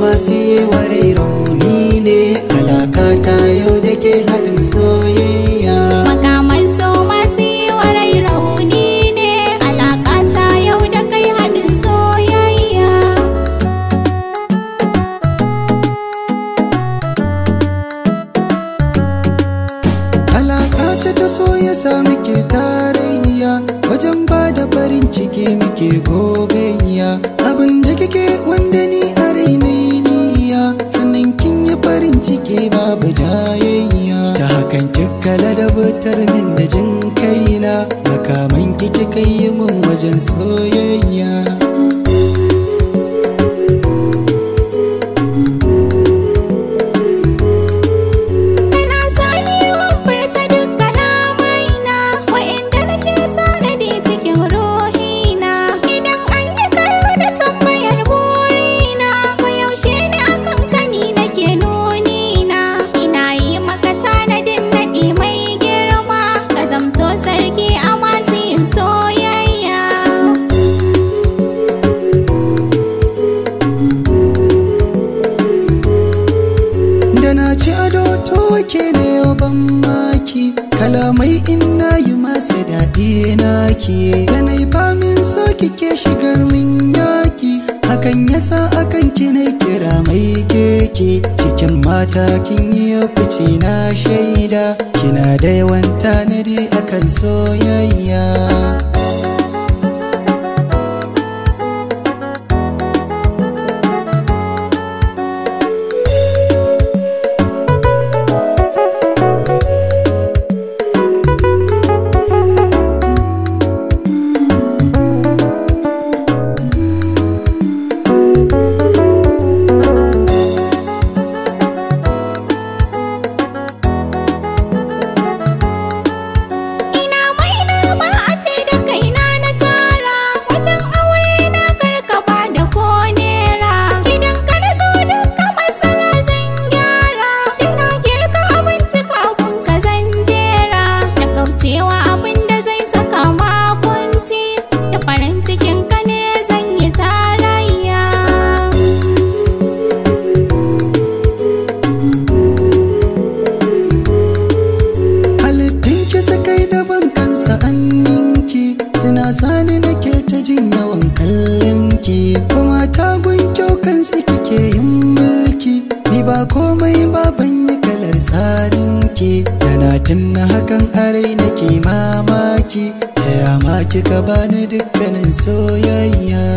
masu yi ware rauni ne alaka ta yau da ke haɗin soyayya makaman so masu yi ware rauni ne alaka ta yau da kai haɗin soyayya alaka ce ta so ya sa muke tarayya wajen ba da farin ciki muke gogayya abin da kike wanda ni kyautar min da jin kaina makaman kike kai min wajen soyayya kalamai in na yi masa daɗi na ke yanayi famin so kike shigar min yaki hakan yasa akan kina kira mai kirki cikin mata kin yi fice na shaida kina da yawan tanadi akan soyayya nake yana tunna hakan arai nake mamaki ta yama kika bani dukkanin soyayya